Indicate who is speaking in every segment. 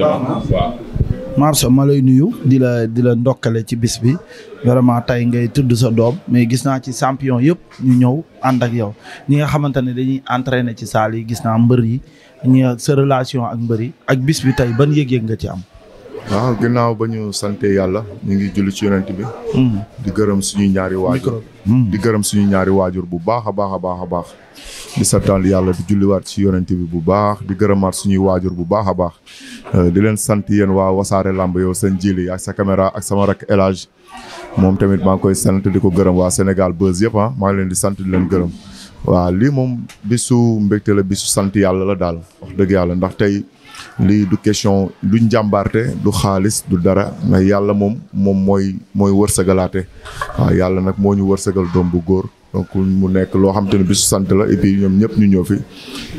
Speaker 1: waaw
Speaker 2: Marché ma lay nuyu di la di la ndokkale ci bis bi vraiment tey ngay tudd sa doom mais gis naa ci champion yëpp ñu ñëw ànd ak yow ñi nga xamante ne dañuy entraîner ci saal yi gis naa mbër yi ñi sa relation ak mbër yi ak bis bi tey ban yëg-yëg nga ci am.
Speaker 1: waaw ginnaaw ba ñu sante yàlla ñu ngi julli ci yonent bi. Hmm. di gërëm suñu ñaari waajur. Hmm. Hmm. di gërëm suñu ñaari waajur bu baax a baax a baax a baax. di santaal yàlla di julliwaat ci yonent bi bu baax di gërëmaat suñuy waajur bu baax a baax. Euh, di leen sant yéen waa wasaare lamb yow seen jili ak sa caméra ak sama rakk elage moom tamit maa ngi koy sant di ko gërëm waa Sénégal Buzz yëpp ah maa leen di sant di leen gërëm. waaw lii moom bisu mbégte la bisu sant yàlla la daal yàlla ndax tey lii du question duñ jàmbaarte du xaalis du dara ndax yàlla moom moom mooy mooy wërsëgalaate waaw yàlla nag moo ñu wërsëgal doom bu góor donc mu nekk loo xam te ne bisu sant la et puis ñëpp ñu ñëw fi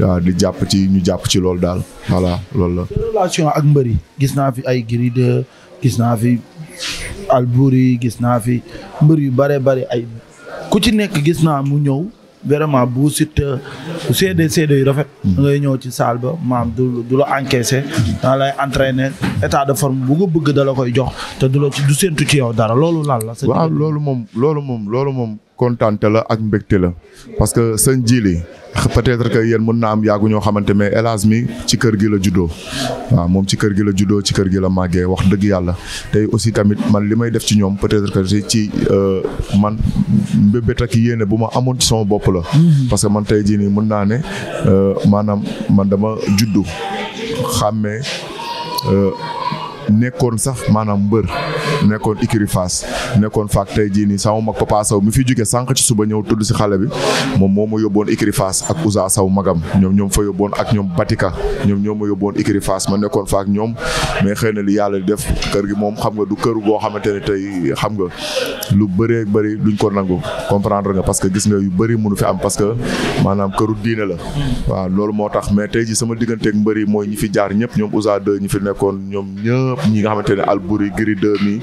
Speaker 1: waaw di jàpp ci ñu jàpp ci loolu daal voilà loolu la. ak
Speaker 2: mbër yi gis naa fi ay Gris 2 gis naa fi Alboury gis naa fi mbër yu bare bare ay ku ci nekk gis naa mu ñëw. vraiment bu Siteu seede seede yu rafet. Hmm. ngay ñëw ci saal ba maam du du la encaissé. da lay entraîner état de forme bu nga bëgg da la koy jox te du la du séntu ci yow dara loolu laal la. waaw
Speaker 1: loolu moom loolu moom loolu moom. kontante la ak mbégte la parce que sëñ Jili peut-être que yéen mën na am yàggu ñoo xamante mais hélas mi ci kër gi la juddoo waaw moom ci kër gi la juddoo ci kër gi la màggee wax dëgg yàlla tey aussi tamit man li may def ci ñoom peut-être que ci euh, man mbébét ak yéene bu ma amoon ci sama bopp la. Mm-hmm. parce que man tey jii nii mën naa ne euh, maanaam man dama juddu xàmmee euh, nekkoon sax maanaam mbër. nekkoon écurie Fass nekkoon faak tey jii nii sama mag Papa Sow mi fi jóge sànq ci suba ñëw tudd si xale bi moom moo ma yóbboon écurie ak Ousa saw magam ñoom ñoom fa yóbboon ak ñoom Batika ñoom ñoo ma yóbboon écurie Fass ma nekkoon faak ñoom mais xëy na li yàlla di def kër gi moom xam nga du kër goo xamante ne tey xam nga lu bëree bëri duñ ko nangu comprendre nga parce que gis nga yu bëri mënu fi am parce que maanaam këru diine la waaw loolu moo tax mais tey ji sama digganteeg mbëri mooy ñi fi jaar ñëpp ñoom Ousa 2 ñi fi nekkoon ñoom ñëpp ñi nga xamante ne Alboury Giri 2 mi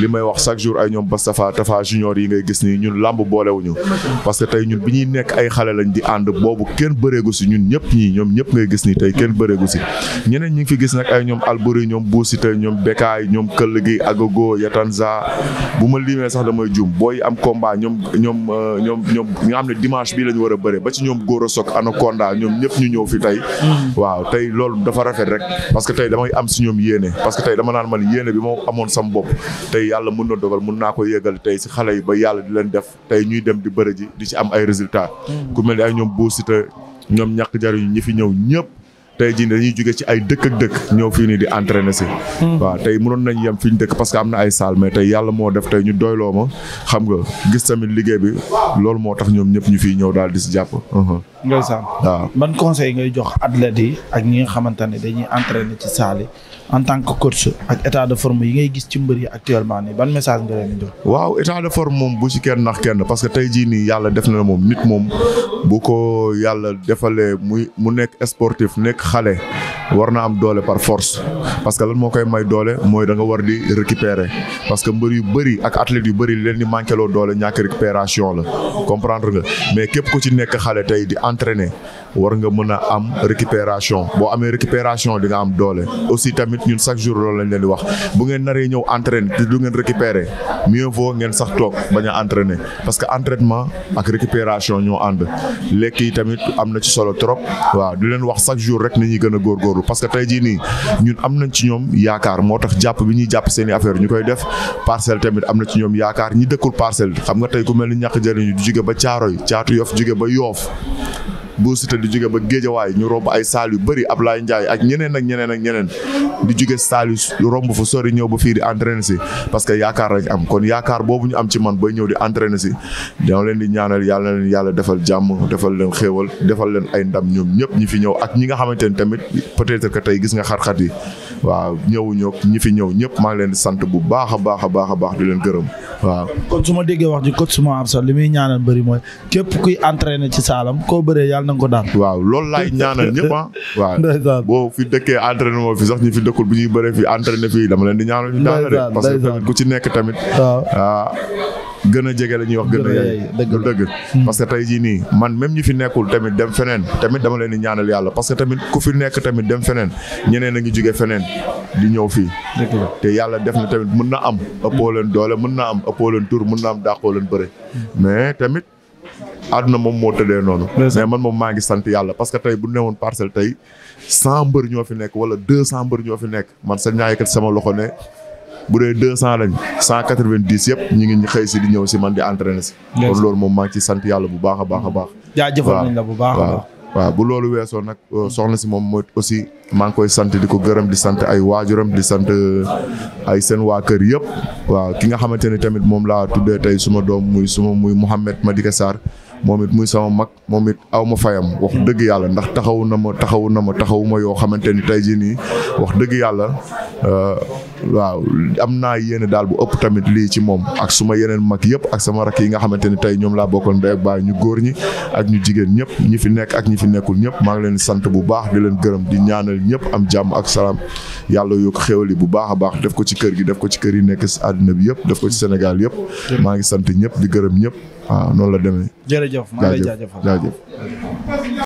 Speaker 1: li may wax chaque jour ay ñoom Bastafa Tafa junior yi ngay gis nii ñun làmb boolewuñu parce que tey ñun bi ñuy nekk ay xale lañ di ànd boobu kenn bëreegu si ñun ñëpp ñii ñoom ñëpp ngay gis nii tey kenn bëreegu si ñeneen ñi ngi fi gis nag ay ñoom Alburi ñoom Buusi tey ñoom Bekaay ñoom Këll gi Agogo Yatanza bu ma limee sax damay juum booy am combat ñoom ñoom euh, ñoom ñoom nga xam ne dimanche bii lañ war a bëre ba ci ñoom Goro Sok Anaconda ñoom ñëpp ñu ñëw fi tey mm. waaw tey loolu dafa rafet rek parce que tey damay am si ñoom yéene parce que tey dama naan man yéene bi moo amoon sam bopp tey yàlla mun na dogal mun naa ko yeggal tey si xale yi ba yàlla di leen def tey ñuy dem di bëri ji di ci am ay résultat mm. ku mel ni ay ñoom Bou Siteu ñoom ñàkk jariñu ñi fi ñëw ñëpp. tey jii dañuy jóge ci ay dëkk ak dëkk ñëw fii nii di entraîner si mm. waaw tey mënoon nañ yem fi ñu dëkk parce que am na ay salle mais tey yàlla moo def tey ñu doyloo ma xam nga gis tamit liggéey bi loolu moo tax ñoom ñëpp ñu fiy ñëw daal di si jàpp uh-huh. ngay saan waaw
Speaker 2: ban conseil ngay jox athlètes yi ak ñi nga xamante ne dañuy entraîner ci salle yi en tant que coach ak état de forme yi ngay gis ci mbër yi actuellement nii ban message nga leen di
Speaker 1: waaw état de forme moom bu ci kenn nax kenn parce que tey jii nii yàlla def na moom nit moom bu ko yàlla defalee muy mu nekk sportif nekk xale war na am doole par force parce que lan moo koy may doole mooy da nga war di récupérer parce que mbër yu bëri ak athlètes yu bëri leen di manqué doole ñàkk récupération la comprendre nga mais képp ku ci nekk xale tey di entraîner war nga mën a am récupération boo amee récupération di nga am doole tamit ñun chaque jour loolu lañ leen di wax bu ngeen naree ñëw entraîner te du ngeen récupérer mieux vaut ngeen sax toog bañ a entraîner parce que entraînement ak récupération ñoo ànd lekk yi tamit am na ci solo trop waa di leen wax chaque jour rek ni ñuy gën a góorgóorlu parce que tey jii nii ñun am nañ ci ñoom yaakaar moo tax jàpp bi ñuy jàpp seen i affaire ñu koy def parcelle tamit am na ci ñoom yaakaar ñi dëkkul parcelle xam nga tey ku mel ni ñàkk jëriñu jóge ba caaro yi caatu yof jóge ba yoof bu Siteu di jóge ba géejawaay ñu romb ay saal yu bëri Ablaye Ndiaye ak ñeneen ak ñeneen ak ñeneen di jóge saal yu romb fu sori ñëw ba fii di entraîner si parce que yaakaar lañ am kon yaakaar boobu ñu am ci man bay ñëw di entraîner si dama leen di ñaanal yàlla na leen yàlla defal jàmm defal leen xéewal defal leen ay ndam ñoom ñëpp ñi fi ñëw ak ñi nga xamante ni tamit peut-être que tey gis nga xar-xar yi waaw ñëw ñi fi ñëw ñëpp maa ngi leen di sant bu baax a baax a baax a baax di leen gërëm waaw
Speaker 2: kon su ma déggee wax ji coach suma am sax li muy ñaanal bëri mooy képp kuy entraîné ci saalam koo bëree
Speaker 1: yàlla na ko daan waaw lool laay ñaanal ñëpp ah waaw boo fi dëkkee entraîné moo fi sax ñi fi dëkkul bu ñuy bëree fi entraîné fii dama leen di ñaanal ñu daal rek parce que ku ci nekk tamit waaw ah. gën a jege la ñuy wax gën a yaay lu dëgg hmm. parce que tey jii nii man même ñi fi nekkul tamit dem feneen tamit dama leen di ñaanal yàlla parce que tamit ku fi nekk tamit dem feneen ñeneen a ngi jóge feneen di ñëw fii te yàlla def na tamit mën na am ëppoo leen doole mën na am ëppoo leen tur mën na am dàqoo leen bëre hmm. mais tamit àdduna moom moo tëddee noonu mais man moom maa ngi sant yàlla parce que tey bu newoon parcelle tey cent mbër ñoo fi nekk wala deux cent mbër fi nekk man sa ñaaykat sama loxo ne bu dee deux cent lañ cent quatre vingt dix yëpp ñu ngi xëy si di ñëw si man di entraîner si. kon loolu moom ma ngi ci sant yàlla bu baax a baax a baax.
Speaker 2: jaajëfal nañ bu baax waaw
Speaker 1: waaw bu loolu weesoo nag euh, soxna si moom mooy aussi maa ngi koy sant di ko gërëm di sant ay waajuram di sant euh, ay seen waa kër yëpp. waaw ki nga xamante ne tamit moom laa tuddee tey suma doom muy suma muy ma Madika Sarr. moom it muy sama mag moom it aw ma fayam wax dëgg yàlla ndax taxawu na ma taxawu na ma taxawu ma yoo xamante ni tey jii nii wax dëgg yàlla euh, waaw am naa yéene daal bu ëpp tamit lii ci moom ak su ma yeneen mag yëpp ak sama rakk yi nga xamante ni tey ñoom laa bokkoon ndey ak ñu góor ñi ak ñu jigéen ñëpp ñi fi nekk ak ñi fi nekkul ñëpp maa ngi leen sant bu baax di leen gërëm di ñaanal ñëpp am jàmm ak salaam yàlla yokk xéwal yi bu baax a baax def ko ci kër gi def ko ci kër yi nekk si àddina bi yëpp def ci Sénégal yëpp maa ngi sant ñëpp di gërëm ñëpp waaw noonu la demee. jërëjëf maa ngi
Speaker 2: lay